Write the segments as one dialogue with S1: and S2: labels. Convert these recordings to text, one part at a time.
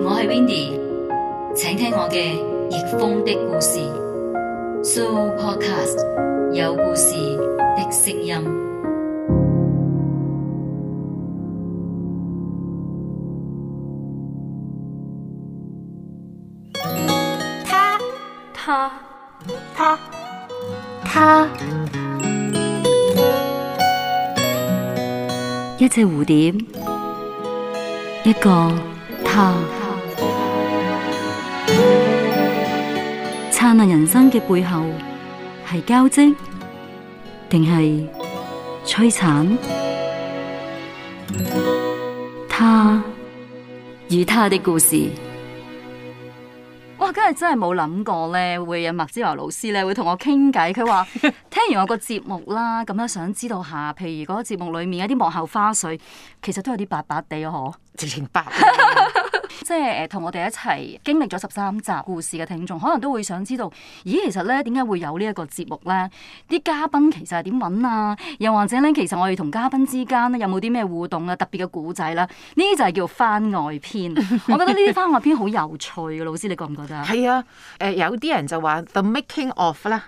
S1: 我係 Windy，請聽我嘅逆風的故事。Supercast 有故事的聲音。
S2: 他他他他，
S1: 一隻蝴蝶，一個他。燦爛人生嘅背後係交織，定係摧殘？他與他的故事，哇！今日真係冇諗過咧，會有麥之華老師咧會同我傾偈。佢話聽完我個節目啦，咁樣 想知道下，譬如嗰個節目裏面一啲幕後花絮，其實都有啲白白地，嗬，
S2: 直情白。
S1: 即係誒，同我哋一齊經歷咗十三集故事嘅聽眾，可能都會想知道，咦，其實咧點解會有呢一個節目咧？啲嘉賓其實係點揾啊？又或者咧，其實我哋同嘉賓之間咧有冇啲咩互動啊？特別嘅故仔啦，呢啲就係叫番外篇。
S2: 我覺得呢啲番外篇好有趣嘅，老師你覺唔覺得啊？係啊，誒有啲人就話 The Making of 咧，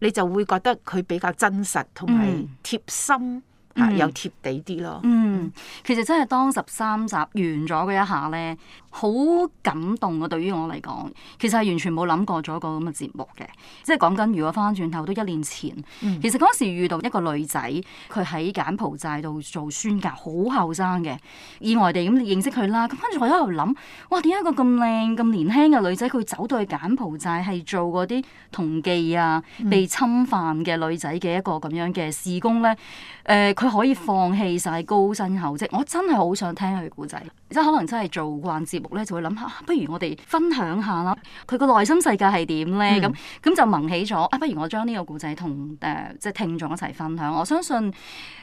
S2: 你就會覺得佢比較真實同埋貼心、嗯、啊，又貼地啲咯。嗯。
S1: 嗯，其實真係當十三集完咗嗰一下咧，好感動啊！對於我嚟講，其實係完全冇諗過做一個咁嘅節目嘅。即係講緊，如果翻轉頭都一年前，嗯、其實嗰時遇到一個女仔，佢喺柬埔寨度做宣教，好後生嘅，意外地咁認識佢啦。咁跟住我喺度諗，哇！點解一個咁靚、咁年輕嘅女仔，佢走到去柬埔寨係做嗰啲童妓啊，被侵犯嘅女仔嘅一個咁樣嘅事工咧？誒、嗯，佢、呃、可以放棄晒高薪。身後即我真係好想聽佢故仔。即係可能真係做慣節目咧，就會諗下，不如我哋分享下啦。佢個內心世界係點咧？咁咁就萌起咗。啊，不如我將呢、嗯啊、我個故仔同誒即係聽眾一齊分享。我相信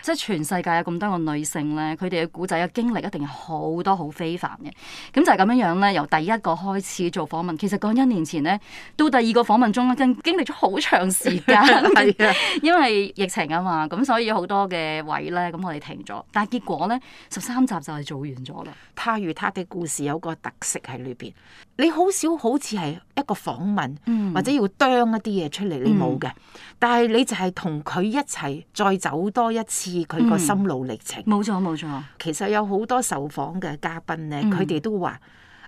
S1: 即係全世界有咁多個女性咧，佢哋嘅故仔嘅經歷一定係好多好非凡嘅。咁就係咁樣樣咧，由第一個開始做訪問。其實講一年前咧，到第二個訪問中咧，正經歷咗好長時間。係啊 的， 因為疫情啊嘛，咁所以好多嘅位
S2: 咧，咁我哋停咗。但係結果。我咧十三集就係做完咗啦。他與他的故事有個特色喺裏邊，你好少好似係一個訪問，嗯、或者要當一啲嘢出嚟，你冇嘅。嗯、但係你就係同佢一齊再走多一次佢個心路歷程。冇錯冇錯，錯錯，其實有好多受訪嘅嘉賓咧，佢哋、嗯、都話，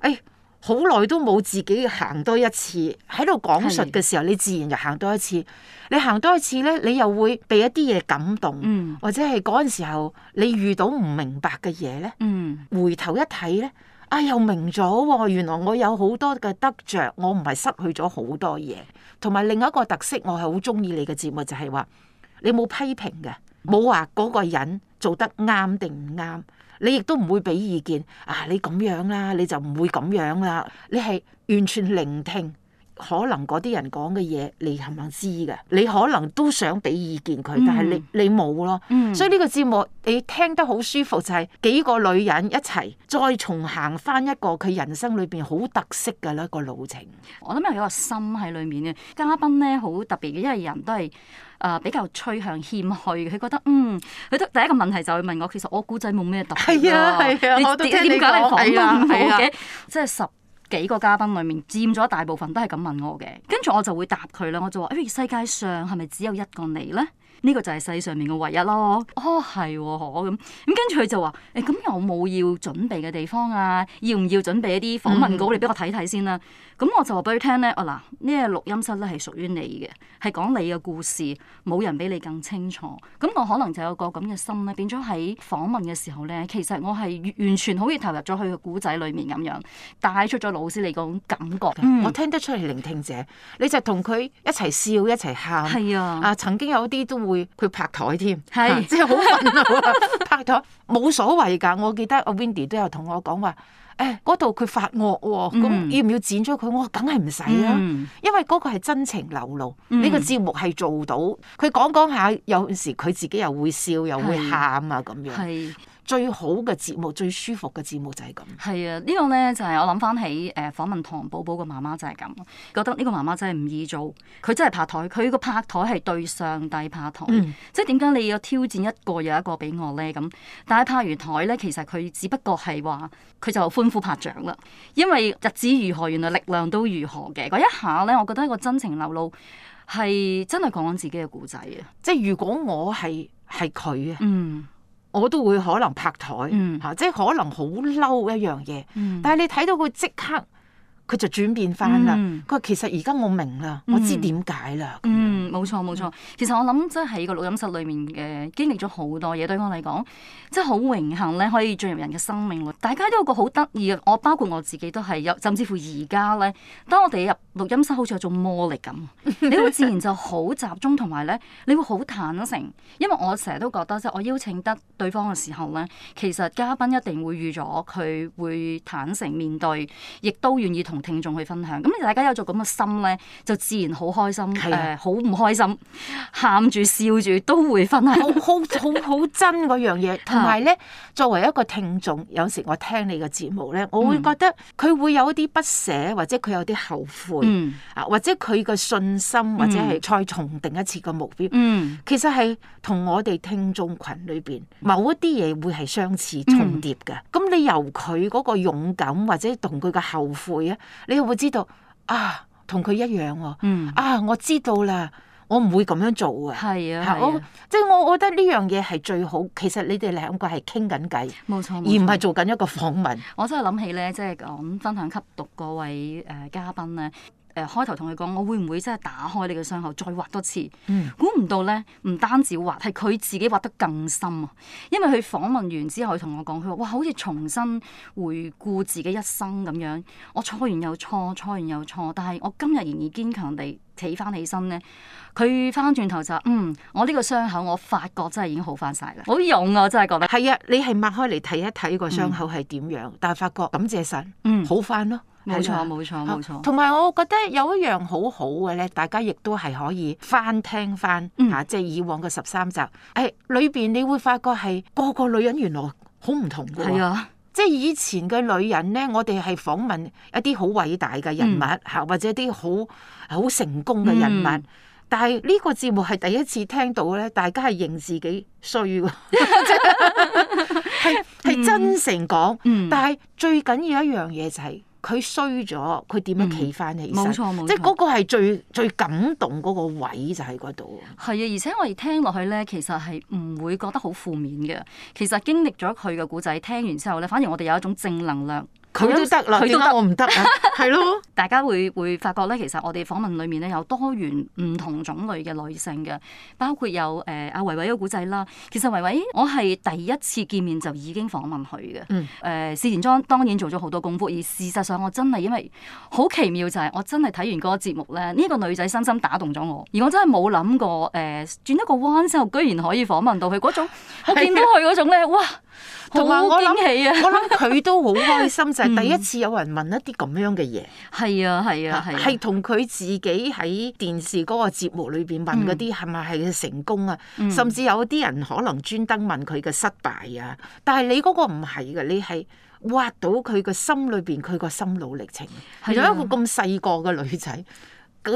S2: 誒、哎。好耐都冇自己行多一次，喺度講述嘅時候，的你自然就行多一次。你行多一次咧，你又會被一啲嘢感動，嗯、或者係嗰陣時候你遇到唔明白嘅嘢咧，嗯、回頭一睇咧，啊、哎、又明咗，原來我有好多嘅得着，我唔係失去咗好多嘢。同埋另一個特色，我係好中意你嘅節目就，就係話你冇批評嘅，冇話嗰個人做得啱定唔啱。你亦都唔會俾意見啊！你咁樣啦，你就唔會咁樣啦。你係完全聆聽。可能嗰啲人講嘅嘢，你係咪知㗎？你可能都想俾意見佢，但係你、嗯、你冇咯。嗯、所以呢個節目你聽得好舒服，就係、是、幾個女人一齊再重行翻一個佢人生裏邊好特色嘅一個路程。我諗有個心喺裏面嘅嘉賓
S1: 咧，好特別嘅，因為人都係誒、呃、比較趨向謙虛嘅，佢覺得嗯，佢都第一個問題就會問我，其實我故仔冇咩特別啊，係啊，係啊，我都聽你，你，你講係啦，係、啊啊、即係十。幾個嘉賓裏面佔咗大部分都係咁問我嘅，跟住我就會答佢啦。我就話，哎，世界上係咪只有一個你呢？呢、這個就係世上面嘅唯一咯。哦，係、哦，可咁咁。跟住佢就話，咁、哎、有冇要準備嘅地方啊？要唔要準備一啲訪問稿嚟俾我睇睇先啦？咁、嗯嗯、我就話俾佢聽咧，嗱、呢、這個錄音室咧係屬於你嘅，係講你嘅故事，冇人比你更清楚。咁我可能就有個咁嘅心咧，變咗喺訪問嘅時候呢，其實我係完全好似投入咗去個故仔裏面咁樣，
S2: 帶出咗腦。老師你嗰種感覺，嗯、我聽得出嚟，聆聽者，你就同佢一齊笑一齊喊，係啊，啊曾經有啲都會佢拍台添，係即係好憤怒啊 拍台，冇所謂噶。我記得阿 Wendy 都有同我講話，誒嗰度佢發惡、哦、咁、嗯、要唔要剪咗佢？我話梗係唔使啦，啊嗯、因為嗰個係真情流露，呢、嗯、個節目係做到，佢講講下有陣時佢自己又會笑又會喊啊咁樣。最好嘅節目，最舒服嘅節目就係咁。
S1: 係啊，呢、這個呢，就係、是、我諗翻起誒、呃、訪問唐寶寶嘅媽媽就係咁，覺得呢個媽媽真係唔易做，佢真係拍台，佢個拍台係對上帝拍台，嗯、即係點解你要挑戰一個又一個俾我呢？咁，但係拍完台呢，其實佢只不過係話佢就歡呼拍掌啦，因為日子如何，原來力量都如何嘅。嗰一下呢，我覺得一個真情流露
S2: 係真係講
S1: 緊自己嘅故仔啊！
S2: 即係如果我係係佢啊，嗯。我都會可能拍台嚇，嗯、即係可能好嬲一樣嘢，嗯、但係你睇到佢即刻佢就轉變翻啦。佢話、嗯、其實而家我明啦，嗯、我知點解
S1: 啦。冇錯冇錯，其實我諗即係喺個錄音室裏面嘅經歷咗好多嘢，對我嚟講，即係好榮幸咧，可以進入人嘅生命裏。大家都有一個好得意嘅，我包括我自己都係，有甚至乎而家咧，當我哋入錄音室，好似有種魔力咁，你會自然就好集中，同埋咧，你會好坦誠。因為我成日都覺得，即係我邀請得對方嘅時候咧，其實嘉賓一定會預咗佢會坦誠面對，亦都願意同聽眾去分享。咁大家有咗咁嘅心咧，就自然好開心，誒
S2: 好是、啊呃。開心，喊住笑住都會瞓。 好好好好真嗰樣嘢。同埋咧，作為一個聽眾，有時我聽你嘅節目咧，我會覺得佢會有一啲不捨，或者佢有啲後悔，啊、嗯，或者佢嘅信心，或者係再重定一次個目標。嗯，其實係同我哋聽眾群裏邊某一啲嘢會係相似重疊嘅。咁、嗯、你由佢嗰個勇敢，或者同佢嘅後悔啊，你會知道啊，同佢一樣、啊。嗯，啊，我知道啦。我唔會咁樣做啊。係啊，我即係、就是、我覺得呢樣嘢係最好。其實你哋兩個係傾緊偈，
S1: 冇錯，冇錯而唔係
S2: 做緊一個訪問。我真係諗起咧，即、就、係、是、講
S1: 分享吸毒嗰位誒、呃、嘉賓咧。誒開頭同佢講，我會唔會真係打開你個傷口再畫多次？估唔、嗯、到呢，唔單止畫，係佢自己畫得更深啊！因為佢訪問完之後，佢同我講，佢話哇，好似重新回顧自己一生咁樣。我錯完又錯，錯完又錯，但係我今日仍然堅強地企翻起身呢，佢翻翻轉頭就，嗯，我呢個傷口，我發覺真係已經好翻晒啦！好
S2: 勇啊，我真係覺得。係啊，你係擘開嚟睇一睇個傷口係點樣，嗯、但係發覺感謝神，嗯、好翻咯。冇錯冇錯冇錯，同埋我覺得有一樣好好嘅咧，大家亦都係可以翻聽翻嚇，即係以往嘅十三集。誒裏邊你會發覺係個個女人原來好唔同嘅喎，即係以前嘅女人咧，我哋係訪問一啲好偉大嘅人物嚇，或者一啲好好成功嘅人物。但係呢個節目係第一次聽到咧，大家係認自己衰㗎，係係真誠講。但係最緊要一樣嘢就係、是。佢衰咗，佢點樣企翻起？冇錯冇錯，即係嗰個係最冇錯，最，最感動嗰個位就，就喺嗰度。
S1: 係啊，而且我哋聽落去咧，其實係唔會覺得好負面嘅。其實經歷咗佢嘅故仔，聽完之後咧，反而我哋有一種正能量。佢都得啦，佢都得我唔得啊？係 咯，大家會會發覺咧，其實我哋訪問裏面咧有多元唔同種類嘅女性嘅，包括有誒阿維維個故仔啦。其實維維我係第一次見面就已經訪問佢嘅。嗯，誒事前莊當然做咗好多功夫，而事實上我真係因為好奇妙就係我真係睇完個節目咧，呢、這個女仔深深打動咗我，而我真係冇諗過誒轉、呃、一個彎之後居然可以訪問到佢種種，的我見到佢種咧，哇！
S2: 同埋我啊，我諗佢都好開心 第一次有人問一啲咁樣嘅嘢，係啊係啊係，係同佢自己喺電視嗰個節目裏邊問嗰啲係咪係成功啊？嗯、甚至有啲人可能專登問佢嘅失敗啊。但係你嗰個唔係噶，你係挖到佢嘅心裏邊，佢個心路歷程。係啊，有一個咁細個嘅女仔，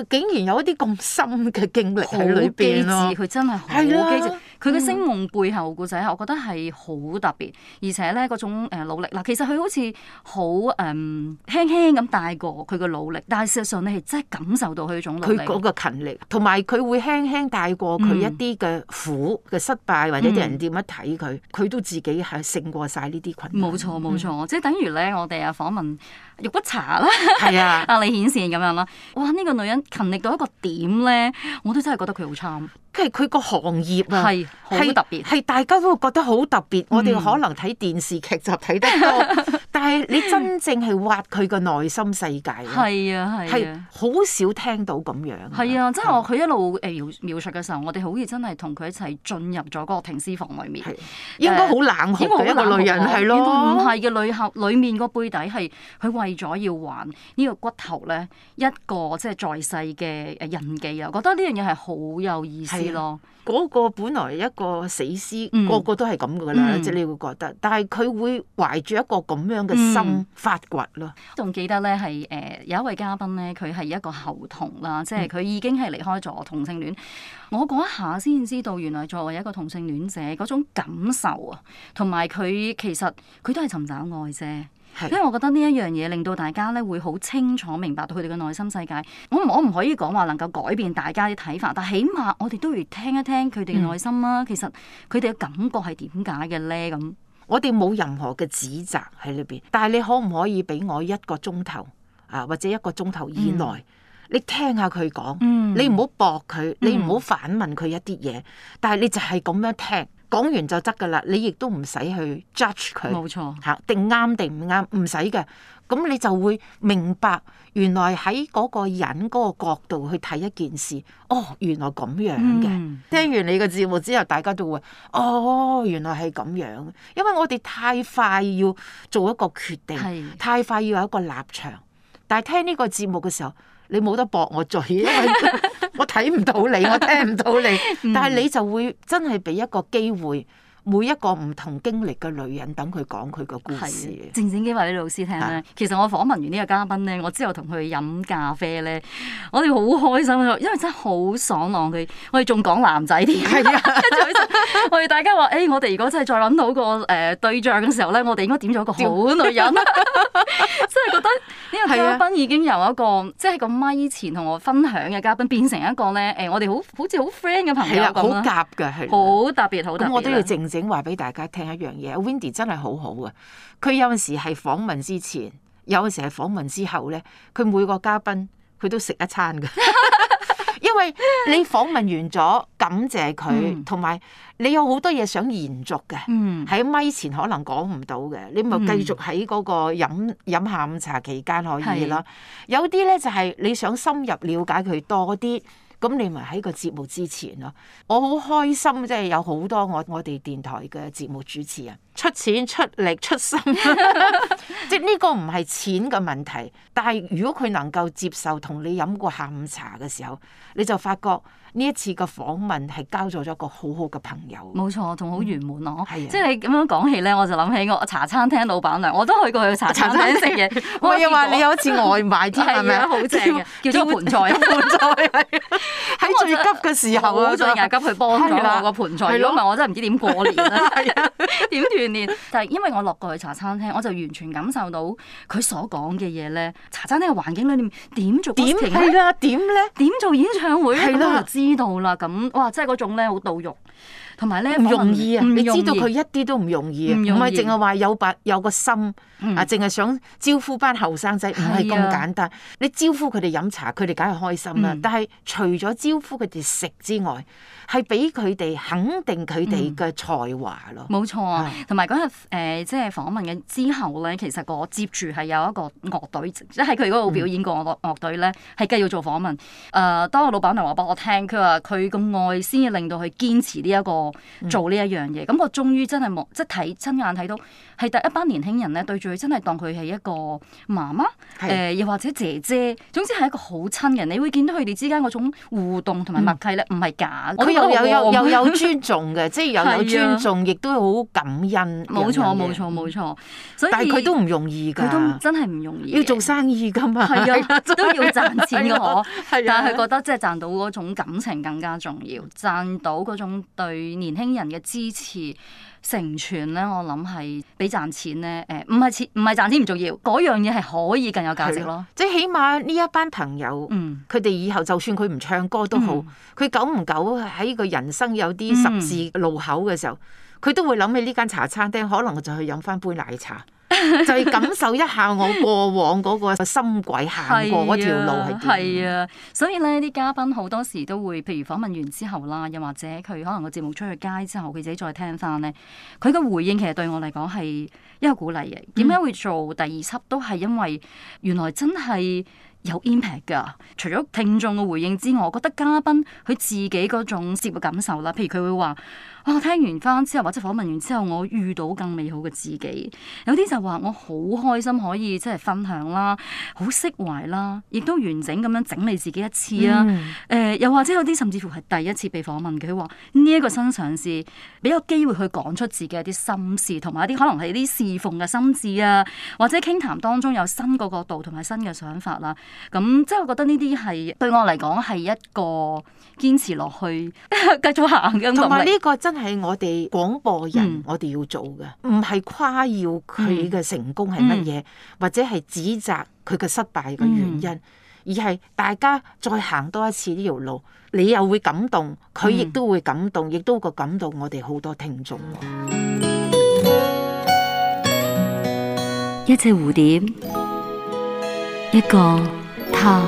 S2: 竟然有一啲咁深嘅經歷喺裏邊咯。佢真係好佢嘅星夢背後故仔，我覺
S1: 得係好特別，而且咧嗰種努力嗱，其實佢好似好誒
S2: 輕輕咁帶過佢嘅努力，但係事實上你係真係感受到佢種努力，佢嗰個勤力，同埋佢會輕輕帶過佢一啲嘅苦嘅失敗，嗯、或者啲人點樣睇佢，佢都自己係勝過晒呢啲困難。冇錯冇錯，錯嗯、即係等於咧，我哋啊訪問
S1: 玉不茶啦，啊，李顯善咁樣啦，哇！呢、這個女人勤力到一個點咧，
S2: 我都真係覺得佢好慘。即佢個行業啊，係好特別，係大家都會覺得好特別。嗯、我哋可能睇電視劇就睇得多， 但係你真正係挖佢個內心世界，係啊係啊，好、啊啊、少聽到咁樣。
S1: 係啊，即係我佢是一路誒描描述嘅時候，我哋好似真係同佢一齊進入咗個停屍房裏面、啊。應該好冷酷嘅一個女人係咯，唔係嘅女俠裏面個背底係佢為咗要還呢、這個骨頭咧一個即係在世嘅誒印記啊，我覺得
S2: 呢樣嘢係好有意思。咯，嗰、那個本來一個死屍，個、嗯、個都係咁噶啦，嗯、即係你會覺得。但係佢會懷住一個咁樣嘅心發掘咯。
S1: 仲、嗯、記得咧係誒有一位嘉賓咧，佢係一個後同啦，即係佢已經係離開咗同性戀。我嗰一下先知道，原來作為一個同性戀者嗰種感受啊，同埋佢其實佢都係尋找愛啫。係所以，我覺得呢一樣嘢令到大家咧會好清楚明白到佢哋嘅內心世界。我唔我唔可以講話能夠改變大家嘅睇法，但起碼我哋都要聽一聽佢哋嘅內心啦。嗯、其實佢哋嘅感覺係點解
S2: 嘅咧？咁我哋冇任何嘅指責喺裏邊，但係你可唔可以俾我一個鐘頭啊，或者一個鐘頭以內，嗯、你聽下佢講，嗯、你唔好駁佢，嗯、你唔好反問佢一啲嘢，但係你就係咁樣聽。講完就得噶啦，你亦都唔使去 judge 佢，冇吓錯，定啱定唔啱，唔使嘅。咁你就會明白，原來喺嗰個人嗰個角度去睇一件事，哦，原來咁樣嘅。嗯，聽完你嘅節目之後，大家都會，哦，原來係咁樣。因為我哋太快要做一個決定，是太快要有一個立場，但係聽呢個節目嘅時候。你冇得駁我嘴，因為我睇唔到你，我聽唔到你。但係你就會真係俾一個機會。每一個唔同經歷嘅女人，等佢講佢個故事。正
S1: 正經話俾老師聽咧，的其實我訪問完呢個嘉賓咧，我之後同佢飲咖啡咧，我哋好開心，因為真係好爽朗。佢，我哋仲講男仔添，跟住我哋大家話：，誒，我哋如果真係再諗到個誒對象嘅時候咧，我哋應該點咗個好女人。 真係覺得呢個嘉賓已經由一個的即係個咪前同我分享嘅嘉賓，變成一個咧，誒，我哋好好似好 friend 嘅朋友咁好夾嘅係。好特別，好特別。我都要
S2: 正，正影話俾大家聽一樣嘢 Windy 真係好好啊！佢有陣時係訪問之前，有陣時係訪問之後咧，佢每個嘉賓佢都食一餐噶 因為你訪問完咗，感謝佢，同埋、嗯、你有好多嘢想延續嘅，喺、嗯、咪前可能講唔到嘅，你咪繼續喺嗰個飲飲下午茶期間可以啦。是有啲咧就係、是、你想深入了解佢多啲。咁你咪喺個節目之前咯，我好開心，即係有好多我我哋電台嘅節目主持人出錢出力出心，即係呢個唔係錢嘅問題，但係如果佢能夠接受同你飲過下午茶嘅時候，你就發覺。呢一次個訪問係交咗咗一個好好嘅朋友，冇錯，仲好圓滿咯。嗯、即
S1: 係咁樣講起咧，我就諗起我茶餐廳老闆娘，我都去過去茶餐廳食嘢。我又話你有一次外賣添，係咪好正嘅？的叫天盆叫叫菜，天盆叫菜係。 最急嘅時候啊！好在而家急去幫咗我個盆菜係咯，唔係的我真係唔知點過年啊！點 是的 鍛鍊？但係因為我落過去茶餐廳，我就完全感受到佢所講嘅嘢咧。茶餐廳嘅環境裏面點做 ing,？點係啦？點咧？點做演唱會咧？的我就
S2: 知道啦。咁哇，真係嗰種咧好到肉。同埋咧，唔容易啊！易你知道佢一啲都唔容易啊！唔係淨係話有白有個心啊，淨係、嗯、想招呼班後生仔，唔係咁簡單。啊、你招呼佢哋飲茶，佢哋梗係開心啦、啊。嗯、但係除咗招呼佢哋食之外，係俾佢哋肯定佢哋嘅才華咯。冇
S1: 錯、嗯、啊，同埋嗰日誒，即係訪問嘅之後咧，其實我接住係有一個樂隊，即係佢嗰度表演過樂樂隊咧，係繼續做訪問誒、呃、當個老闆娘話俾我聽，佢話佢咁愛先至令到佢堅持呢、這、一個。做呢一樣嘢，咁我終於真係望即係睇，親眼睇到係第一班年輕人咧，對住佢真係當佢係一個媽媽，誒又或者姐姐，總之係一個好親人，你會見到佢哋之間嗰種互動同埋默契咧，唔係假。佢又有有尊
S2: 重嘅，即係又有尊重，亦都好感恩。冇錯冇錯冇錯，但係佢都唔容易㗎，佢都
S1: 真係唔容易。要
S2: 做生意㗎嘛，係啊，都要賺錢㗎，嗬，但係佢覺
S1: 得即係賺到嗰種感情更加重要，賺到嗰種對。年輕人嘅支持成全咧，我諗係俾賺錢咧。誒，唔係錢，唔係賺錢唔重要，嗰樣嘢係可以
S2: 更有價值咯。啊、即係起碼呢一班朋友，佢哋、嗯、以後就算佢唔唱歌都好，佢、嗯、久唔久喺個人生有啲十字路口嘅時候，佢、嗯、都會諗起呢間茶餐廳，可能就去飲翻杯奶茶。 就要感受一下我過往嗰個心鬼行過嗰條路係 啊，啊，所以咧啲嘉賓好多時都
S1: 會，譬如訪問完之後啦，又或者佢可能個節目出去街之後，佢自己再聽翻咧，佢嘅回應其實對我嚟講係一個鼓勵嘅。點解會做第二輯都係因為原來真係有 impact 噶。除咗聽眾嘅回應之外，我覺得嘉賓佢自己嗰種接觸感受啦，譬如佢會話。哇！聽完翻之後，或者訪問完之後，我遇到更美好嘅自己。有啲就話我好開心，可以即係分享啦，好釋懷啦，亦都完整咁樣整理自己一次啦。誒、嗯呃，又或者有啲甚至乎係第一次被訪問，佢話呢一個新嘗試，俾個機會去講出自己一啲心事，同埋一啲可能係啲侍奉嘅心志啊，或者傾談，談當中有新嘅角度同埋新嘅想法啦。咁即係我覺得呢啲係對我嚟講係一個堅持落去 繼續行嘅同埋呢
S2: 個真係我哋廣播人，我哋要做嘅，唔係誇耀佢嘅成功係乜嘢，嗯、或者係指責佢嘅失敗嘅原因，嗯、而係大家再行多一次呢條路，你又會感動，佢亦都會感動，亦、嗯、都會感動我哋好多聽眾。一
S1: 隻蝴蝶，一個他，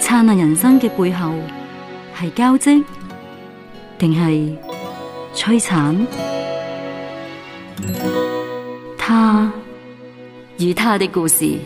S1: 燦爛人生嘅背後。係交織，定係摧殘？他與他的故事。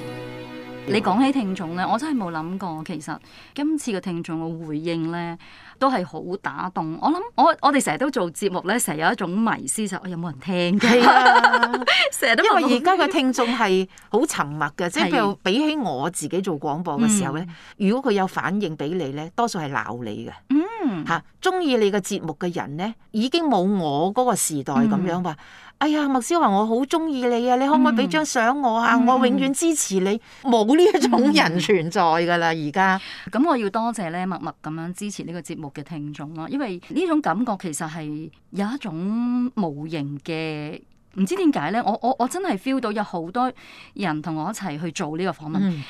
S1: 你講起聽眾咧，我真係冇諗過。其實今次嘅聽眾嘅回應咧，都係好打動。我諗我我哋成日都做節目咧，成日有一種迷思就係有冇人聽嘅。成日、啊、 都因為而家嘅
S2: 聽眾係好沉默嘅，的即係比如比起我自己做廣播嘅時候咧，嗯、如果佢有反應俾你咧，多數係鬧你嘅。嚇，中意你嘅節目嘅人咧，已經冇我嗰個時代咁樣話。嗯、哎呀，麥思華，我好中意你啊！你可唔可以俾張相我啊？嗯、我永遠支持你。冇呢一種人存在㗎
S1: 啦，而家。咁、嗯、我要多謝咧，默默咁樣支持呢個節目嘅聽眾咯，因為呢種感覺其實係有一種無形嘅，唔知點解咧。我我我真係 feel 到有好多人同我一齊去做呢個訪問。嗯。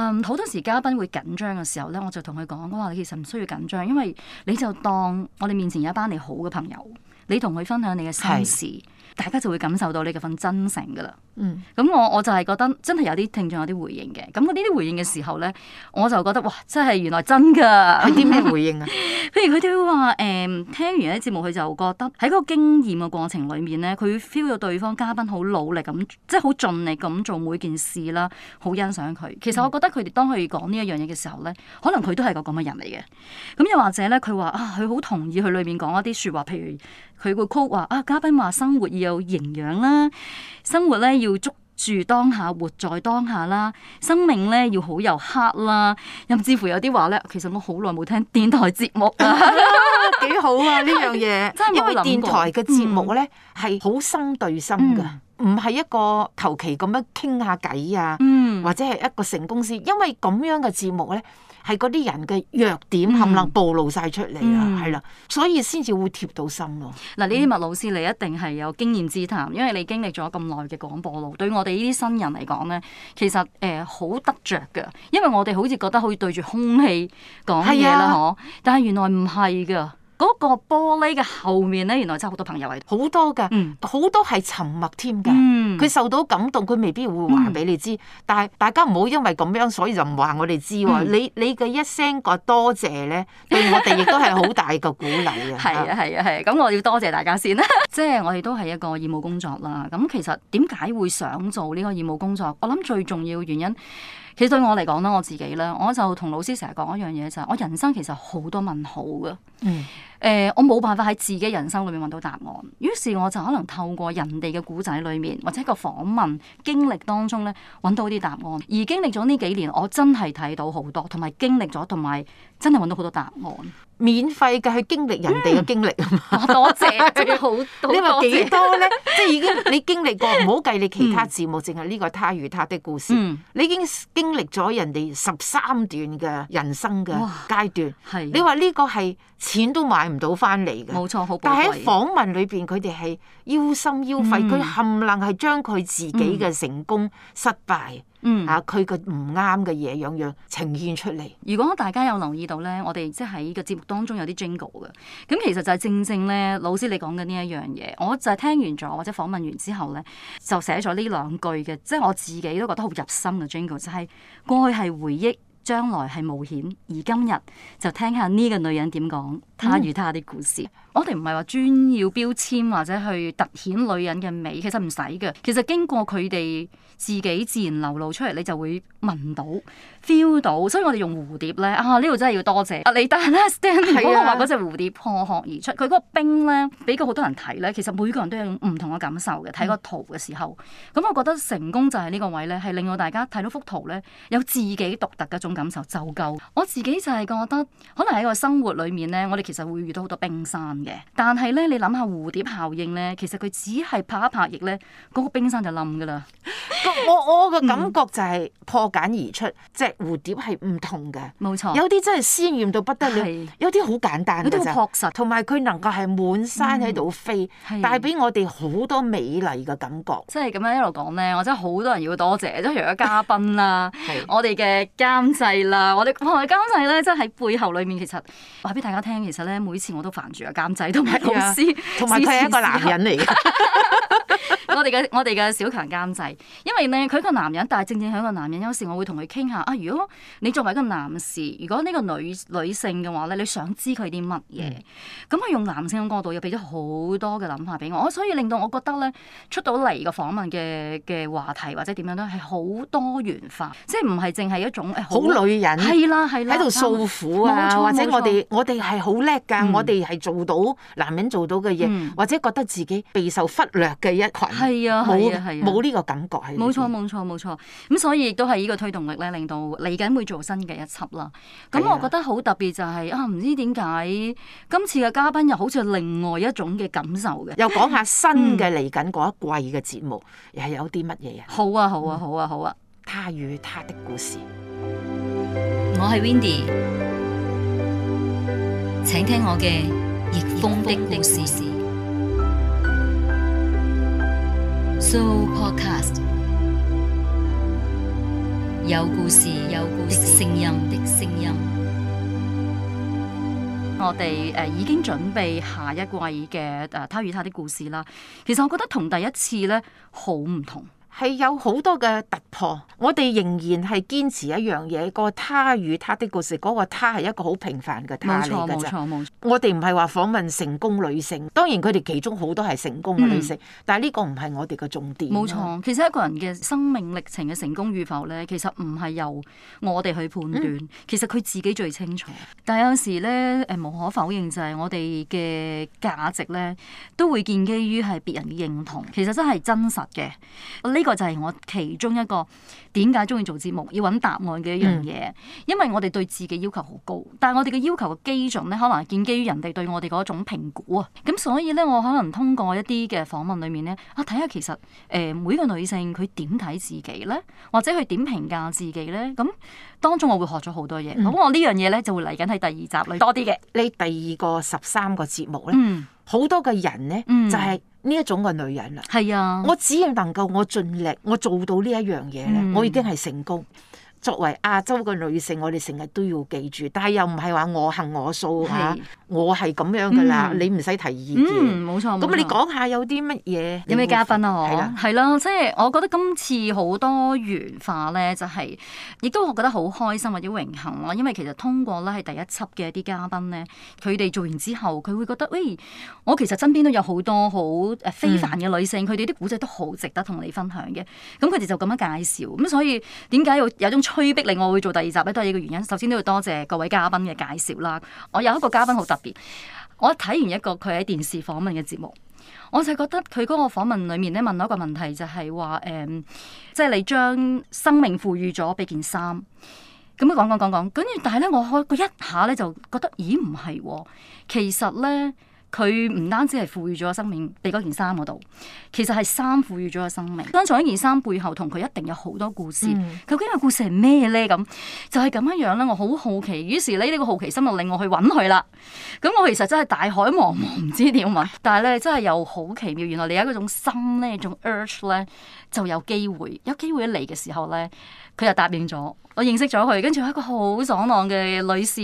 S1: 嗯，好、um, 多時嘉賓會緊張嘅時候咧，我就同佢講，我話你其實唔需要緊張，因為你就當我哋面前有一班你好嘅朋友，你同佢分享你嘅心事，是大家就會感受到你嘅份真誠噶啦。嗯，咁我我就係覺得真係有啲聽眾有啲回應嘅，咁嗰啲啲回應嘅時候咧，我就覺得哇，真係原來真㗎！有啲咩回應啊？譬如佢哋會話誒，聽完呢個節目，佢就覺得喺嗰個經驗嘅過程裡面咧，佢 feel 到對方嘉賓好努力咁，即係好盡力咁做每件事啦，好欣賞佢。其實我覺得佢哋當佢講呢一樣嘢嘅時候咧，可能佢都係個咁嘅人嚟嘅。咁又或者咧，佢話啊，佢好同意佢裏面講一啲説話，譬如佢會 quote 話啊，嘉賓話生活要有營養啦，生活咧要。要捉住當下，活在當下啦！生命咧要好有黑啦，甚至乎有啲話咧，其實我好耐冇聽電台節目啦，幾 好啊呢樣嘢，因為電台嘅節目
S2: 咧係好心對心噶，唔係、嗯、一個求其咁樣傾下偈啊，嗯、或者係一個成功師，因為咁樣嘅節目咧。係嗰啲人嘅弱點冚唪唥暴露晒出嚟啊，係啦、嗯，所以先至會貼到心咯、啊。
S1: 嗱，呢啲麥老師你一定係有經驗之談，嗯、因為你經歷咗咁耐嘅廣播路，對我哋呢啲新人嚟講咧，其實誒好、呃、得着㗎，因為我哋好似覺得可以對住空氣講嘢啦，嗬、啊，但係原來唔係㗎。嗰個玻璃
S2: 嘅後面咧，原來真係好多朋友嚟，好多嘅，好、嗯、多係沉默添嘅。佢、嗯、受到感動，佢未必會話俾你知。嗯、但係大家唔好因為咁樣，所以就唔話我哋知喎。你你嘅一聲個多謝咧， 對我哋亦都係好大嘅鼓勵嘅。係 啊係
S1: 啊係。咁、啊啊啊、我要多謝，謝大家先啦。即 係我哋都係一個義務工作啦。咁其實點解會想做呢個義務工作？我諗最重要嘅原因。其實對我嚟講啦，我自己咧，我就同老師成日講一樣嘢就係、是，我人生其實好多問號㗎。嗯誒、呃，我冇辦法喺自己人生裏面揾到答案，於是我就可能透過人哋嘅古仔裏面，或者個訪問經歷當中咧，揾到啲答案。而經歷咗呢幾年，我真係睇到好多，同埋經歷咗，同埋真係揾到好多答案。免費嘅去經歷人哋嘅經歷嘛、嗯，
S2: 多謝，好， 多。你話幾多咧？ 即係已經你經歷過，唔好計你其他節目，淨係呢個他與她的故事，嗯、你已經經歷咗人哋十三段嘅人生嘅階段。係、你話呢個係錢都買唔到翻嚟嘅，冇錯好，但係喺訪問裏邊，佢哋係腰心腰肺，佢冚唪唥係將佢自己嘅成功、嗯、失敗，嗯啊，佢嘅唔啱嘅嘢樣樣呈現出嚟。如果大家有留
S1: 意到咧，我哋即係喺個節目當中有啲 jingle 嘅，咁其實就係正正咧，老師你講嘅呢一樣嘢，我就係聽完咗或者訪問完之後咧，就寫咗呢兩句嘅，即係我自己都覺得好入心嘅 jingle 就係過去係回憶，將來係冒險，而今日就聽下呢個女人點講。他與他的故事，我哋唔係話專要標籤或者去突顯女人嘅美，其實唔使嘅。其實經過佢哋自己自然流露出嚟，你就會聞到、feel 到。所以我哋用蝴蝶咧，啊呢度真係要多謝阿李丹啊 Stanley。如果我話嗰隻蝴蝶破殼而出，佢嗰是、啊、個冰咧俾過好多人睇咧，其實每個人都有唔同嘅感受嘅。睇個圖嘅時候，咁、嗯、我覺得成功就係呢個位咧，係令到大家睇到幅圖咧有自己獨特嘅一種感受就夠。我自己就係覺得，可能喺個生活裡面咧，我哋。其實會遇到好多冰山嘅，但係咧，你諗下蝴蝶效應咧，其實佢只係拍一拍翼咧，嗰、那個冰山就冧㗎
S2: 啦。我我個感覺就係破繭而出隻、 嗯、蝴蝶係唔同嘅，冇錯。有啲真係鮮豔到不得了，是有啲好簡單，有啲好樸實，同埋佢能夠係滿山喺度飛，嗯、是帶俾我哋好多美麗嘅感覺。即係咁樣一路講
S1: 咧，我真係好多人要多謝，即係除咗嘉賓啦、啊 是啊，我哋嘅監製啦，我哋我哋監製咧，真係喺背後裏面其實話俾大家聽，其實。其實咧，每次我都煩住阿監仔同埋老師同埋佢係一個男人
S2: 嚟嘅。
S1: 我哋嘅我哋嘅小強監製，因為咧佢個男人，但係正正係個男人有時，我會同佢傾下啊。如果你作為一個男士，如果呢個女女性嘅話咧，你想知佢啲乜嘢？咁佢、嗯、用男性嘅角度，又俾咗好多嘅諗法俾我。我所以令到我覺得咧，出到嚟嘅訪問嘅嘅話題或者點樣咧係好多元化，即係唔係淨係一種、哎、好女人係啦
S2: 係啦，喺度訴苦啊，或者我哋錯我哋係好叻㗎，我哋係、嗯、做到男人做到嘅嘢，嗯、或者覺得自己備受忽略嘅一羣。係啊，係啊，係啊，冇呢、啊啊、個感覺係。冇錯，
S1: 冇錯，冇錯。咁、嗯、所以亦都係呢個推動力咧，令到嚟緊會做新嘅一輯啦。咁、啊、我覺得好特別就係、是、啊，唔知點解今次嘅嘉賓又好似另外一種嘅感受嘅。又講下新
S2: 嘅嚟緊嗰一季嘅節目，又係有啲乜嘢啊？好啊，好啊，好啊，好啊！他與他的故事，我
S1: 係 Windy，請聽我嘅逆風的故事。So podcast 有故事，有故事聲音的聲音。聲音，我哋誒已經準備下
S2: 一季嘅誒他與她的故事啦。其實我覺得同第一次咧好唔同。係有好多嘅突破，我哋仍然係堅持一樣嘢，嗰個他與她的故事，嗰個他係一個好平凡嘅他嚟噶咋。我哋唔係話訪問成功女性，當然佢哋其中好多係成功嘅女性，嗯、但係呢個唔係我哋嘅重點。冇錯，其實
S1: 一個人嘅生命歷程嘅成功與否咧，其實唔係由我哋去判斷，嗯、其實佢自己最清楚。但係有時咧，誒，無可否認就係我哋嘅價值咧，都會建基於係別人嘅認同。其實真係真實嘅呢。呢個就係我其中一個點解中意做節目，要揾答案嘅一樣嘢，嗯、因為我哋對自己要求好高，但係我哋嘅要求嘅基準咧，可能係建基於人哋對我哋嗰種評估啊。咁所以咧，我可能通過一啲嘅訪問裏面咧，啊睇下其實誒、呃、每個女性佢點睇自己咧，或者佢點評價自己咧，咁當中我會學咗好多嘢。
S2: 咁、嗯、我呢樣嘢咧就會嚟緊喺第二集裏多啲嘅。你第二個十三個節目咧，好、嗯、多嘅人咧、嗯、就係、是。呢一種嘅女人啊，我只要能夠我盡力，我做到呢一樣嘢咧，嗯、我已經係成功。作為亞洲嘅女性，我哋成日都要記住，但係又唔係話我行我素嚇是、啊，我係咁樣噶啦，嗯、你唔使提意見。
S1: 冇、嗯、錯。咁你講下有啲乜嘢，有咩嘉賓啊？我係啦，係咯的，即係我覺得今次好多元化咧、就是，就係亦都我覺得好開心或者榮幸咯，因為其實通過咧係第一輯嘅一啲嘉賓咧，佢哋做完之後，佢會覺得，喂，我其實身邊都有好多好非凡嘅女性，佢哋啲古仔都好值得同你分享嘅。咁佢哋就咁樣介紹，咁所以點解有有種催逼你，我會做第二集咧，都係呢個原因。首先都要多謝各位嘉賓嘅介紹啦。我有一個嘉賓好特別，我睇完一個佢喺電視訪問嘅節目，我就覺得佢嗰個訪問裡面咧問到一個問題，就係話誒，即、嗯、係、就是、你將生命賦予咗俾件衫，咁樣講講講講，跟住，但係咧，我開佢一下咧就覺得咦，唔係、哦，其實咧。佢唔單止係賦予咗生命俾嗰件衫嗰度，其實係衫賦予咗個生命。當從一件衫背後同佢一定有好多故事。究竟個故事係咩咧？咁就係、是、咁樣樣啦。我好好奇，於是呢呢、這個好奇心就令我去揾佢啦。咁我其實真係大海茫茫，唔知點問。但係咧，真係又好奇妙。原來你有嗰種心咧，一種 urge 咧。就有機會，有機會嚟嘅時候咧，佢就答應咗，我認識咗佢，跟住係一個好爽
S2: 朗嘅女士，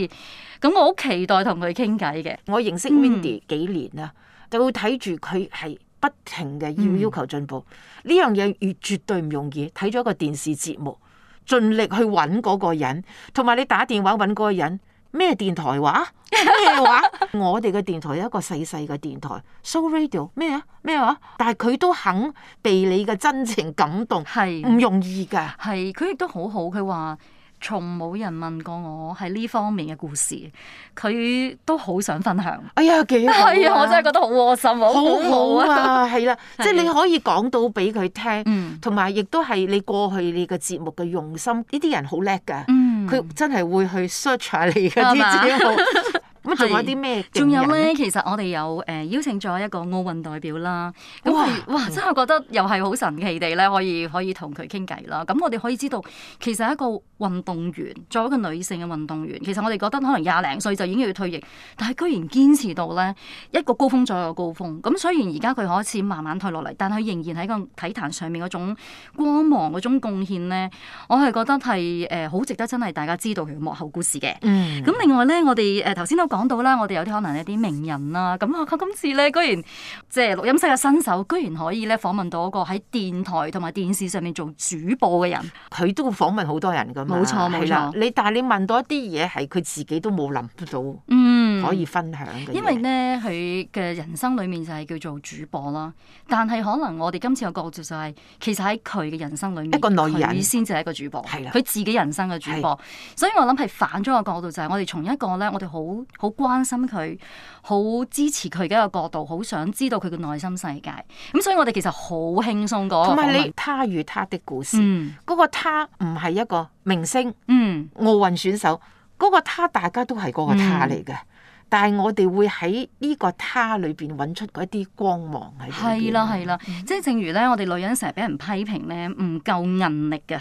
S2: 咁我好期待同佢傾偈嘅。我認識 Wendy 幾年啦，嗯、就會睇住佢係不停嘅要要求進步，呢、嗯、樣嘢越絕對唔容易。睇咗個電視節目，盡力去揾嗰個人，同埋你打電話揾嗰個人。咩電台話咩話？ 我哋嘅電台係一個細細嘅電台，So Radio 咩啊咩話？但係佢都肯被你嘅真情感動，係唔是容
S1: 易噶。係佢亦都好好，佢話從冇人問過我喺呢方面嘅故事，佢都好想分享。
S2: 哎呀，幾好啊！我真係覺得好窩心，啊、好好啊！係啦，是即係你可以講到俾佢聽，同埋亦都係你過去你嘅節目嘅用心，呢啲人好叻噶。嗯佢真係會去 search 下你嗰啲節目是吧。
S1: 仲有啲咩？仲有咧，
S2: 其實我哋有誒、
S1: 呃、邀請咗一個奧運代表啦。咁哇！哇！真係覺得又係好神奇地咧，可以可以同佢傾偈啦。咁我哋可以知道，其實一個運動員，作為一個女性嘅運動員，其實我哋覺得可能廿零歲就已經要退役，但係居然堅持到咧一個高峰再一個高峰。咁雖然而家佢可以開始慢慢退落嚟，但係仍然喺個體壇上面嗰種光芒、嗰種貢獻咧，我係覺得係誒好值得真係大家知道佢幕後故事嘅。咁、嗯、另外咧，我哋誒頭先都。講到啦，我哋有啲可能係啲名人啦，咁啊，佢今次咧，居然即係、就是、錄音室嘅新手，居然可以咧訪問到一個喺電台同埋電視
S2: 上面做主播嘅人，佢都訪問好多人㗎嘛，冇錯，冇的錯。你但係你問到一啲嘢係佢自己都冇諗到，嗯，可以分享嘅、嗯。因為
S1: 咧，佢嘅人生裡面就係叫做主播啦，但係可能我哋今次嘅角度就係、是，其實喺佢嘅人生裡面，一個女人先至係一個主播，佢的自己人生嘅主播，的所以我諗係反咗個角度，就係我哋從一個咧，我哋好。好關心佢，好支持佢嘅一個角度，好想知道佢嘅內心世界。咁所以我哋其實好輕鬆嗰個，同埋你他與
S2: 他的故事，嗰、嗯、個他唔係一個明星，嗯，奧運選手，嗰、嗰個他大家都係嗰個他嚟嘅。嗯、但係我哋會喺呢個他裏邊揾出一啲光芒喺度。係啦係啦，嗯、即係正如咧，我哋女人成日俾人批評咧，
S1: 唔夠韌力嘅，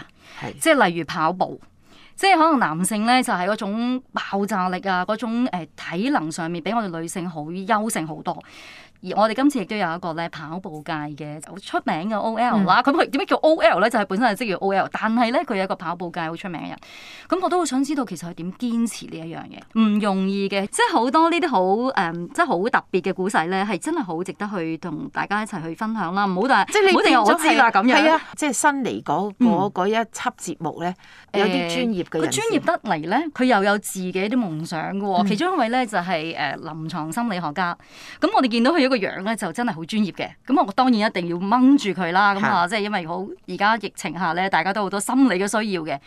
S1: 即係例如跑步。即係可能男性咧就係嗰種爆炸力啊，嗰種誒、呃、體能上面比我哋女性好優勝好多。而我哋今次亦都有一個咧跑步界嘅好出名嘅 OL 啦，佢點解叫 OL 咧？就係本身係職業 OL，但係咧佢係一個跑步界好出名嘅、嗯就是、人。咁我都好想知道其實係點堅持呢一樣嘢，唔容易嘅。即係好多呢啲好誒，即係好特別嘅故事咧，係真係好值得去同大家一齊去分享啦。唔好但係，即係是你變我知啦咁是樣，係啊，即、
S2: 就、係、是、新嚟嗰、嗯、一輯節目咧，有啲專業嘅人。佢、嗯欸、專業
S1: 得嚟咧，佢又有自己啲夢想嘅喎。嗯、其中一位咧就係、是、誒臨床心理學家。咁我哋見到佢個樣咧就真係好專業嘅，咁啊我當然一定要掹住佢啦，咁啊即係因為好而家疫情下咧，大家都好多心理嘅需要嘅，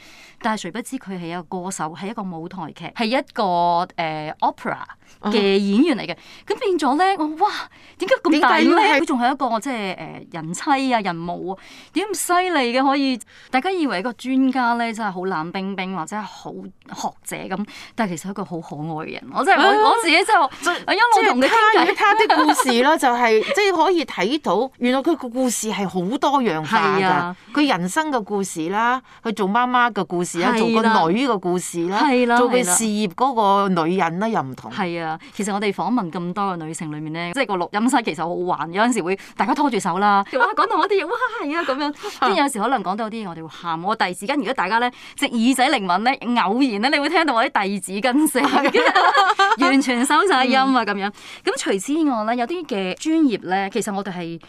S1: 但係誰不知佢係一個歌手，係一個舞台劇，係一個誒、呃、Opera，嘅演員嚟嘅，咁變咗咧，我哇，點解咁大咧？佢仲係一個即係誒人妻啊人母啊，點咁犀利嘅可以？大家以為個專家咧真係好冷冰冰或者係好學者咁，
S2: 但係其實係一個好可愛嘅人。我真係我自己
S1: 真係即係即係卡與卡啲故事啦，
S2: 就係即係可以睇到原來佢個故事係好多樣化㗎。佢人生嘅故事啦，佢做媽媽嘅故事啦，做個女嘅故事啦，做嘅事業嗰個女人啦又唔同。
S1: 啊！其實我哋訪問咁多嘅女性裏面咧，即係個錄音室其實好好玩，有陣時會大家拖住手啦。 哇！講到我啲嘢哇係啊咁樣，跟住有時可能講到啲嘢，我哋會喊。我遞紙巾。如果大家咧隻耳仔靈敏咧，偶然咧，你會聽到我啲遞紙巾聲， 完全收晒音啊咁、 嗯、樣。咁除此之外咧，有啲嘅專業咧，其實我哋係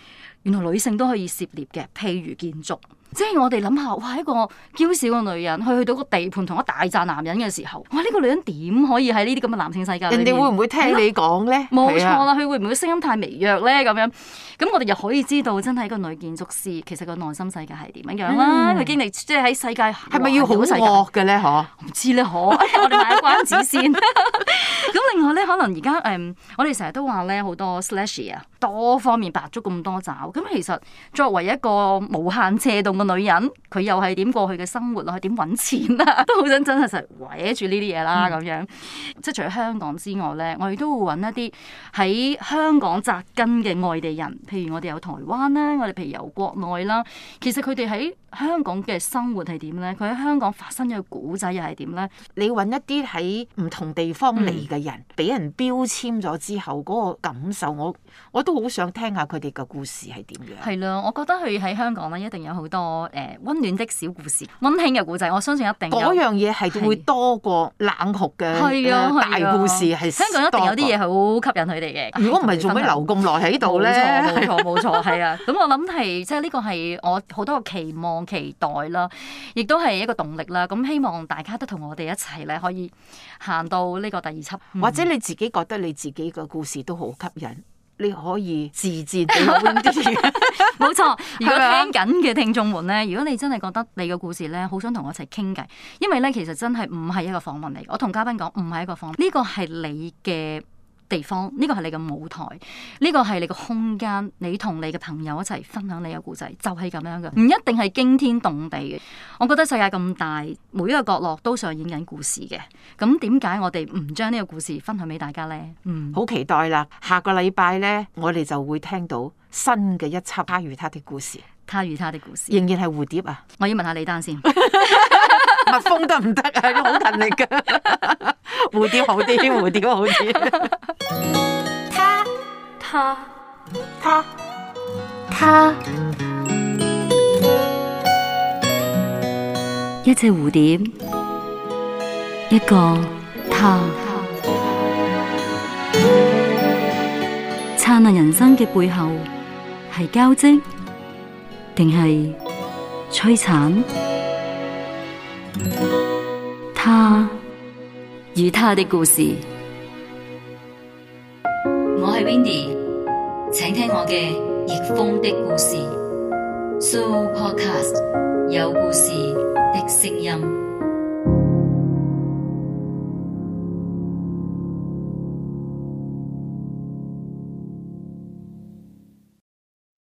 S1: 原來女性都可以涉獵嘅，譬如建築。即係我哋諗下，哇！一個嬌小嘅女人，佢去到個地盤，同一大隻男人嘅時候，哇！呢、這個女人點可以喺呢啲咁嘅男性世界？人哋會唔會聽你
S2: 講咧？冇錯啦，
S1: 佢會唔會聲音太微弱咧？咁樣咁，我哋又可以知道，真係一個女建築師，其實個內心世界係點樣樣啦？佢、嗯、經歷即係喺世界係咪要好惡
S2: 嘅咧？嚇，唔知
S1: 咧，我我哋賣關子先。咁另外咧，可能而家誒，um, 我哋成日都話咧，好多 slash 啊，多方面白足咁多爪。咁其實作為一個無限車動。個女人佢又係點過去嘅生活啊？點揾錢啊？都好想真係實搲住呢啲嘢啦咁樣。嗯、即係除咗香港之外呢，我哋都會揾一啲喺香港扎根嘅外地人，譬如我哋有台灣啦，我哋譬如有國內啦。其實佢哋喺
S2: 香港嘅生活係點呢？佢喺香港發生嘅古仔又係點呢？你揾一啲喺唔同地方嚟嘅人，俾、嗯、人標籤咗之後，嗰、嗰個感受我，我我都好想聽下佢哋嘅故事係點樣。
S1: 係啦，我覺得佢喺香港咧一定有好多。個誒溫暖的小故事，溫馨嘅故仔，我相信一定嗰樣
S2: 嘢係會多過冷酷嘅，係啊，係啊大故事。係香港一定有啲嘢係好吸引佢哋嘅。如果唔係，做咩留咁耐喺度咧？冇錯，冇錯，冇、啊、錯，係
S1: 啊。咁我諗係即係呢個係我好多個期望、期待啦，亦都係一個動力啦。咁希望大家都同我哋一齊咧，可以行到
S2: 呢個第二輯，嗯、或者你自己覺得你自己嘅故事都好吸引。你可以自薦做賓談，
S1: 冇錯。如果聽緊嘅聽眾們咧，如果你真係覺得你嘅故事咧，好想同我一齊傾偈，因為咧，其實真係唔係一個訪問嚟。我同嘉賓講唔係一個訪問，呢個係你嘅地方呢個係你嘅舞台，呢個係你嘅空間，你同你嘅朋友一齊分享你嘅故仔，就係咁樣嘅，唔一定係驚天動地嘅。我覺得世界咁大，每一個角落都上演緊故事嘅。咁點解我哋唔將呢個故事分享俾大家呢？
S2: 嗯，好期待啦！下個禮拜呢，我哋就會聽到新嘅一輯《他與她》的故事，《他與她》的故事，仍然係蝴蝶啊！我要問下李丹先。 蜜 蜂都唔得啊，好勤力噶。蝴 蝶好啲，蝴蝶好啲。他他他他，
S1: 一隻蝴蝶，一個他，燦爛人生嘅背後係交織，定係摧殘？他與、啊、他的故事，我係 Windy，請聽我嘅逆風的故事。Supercast 有故事的聲音。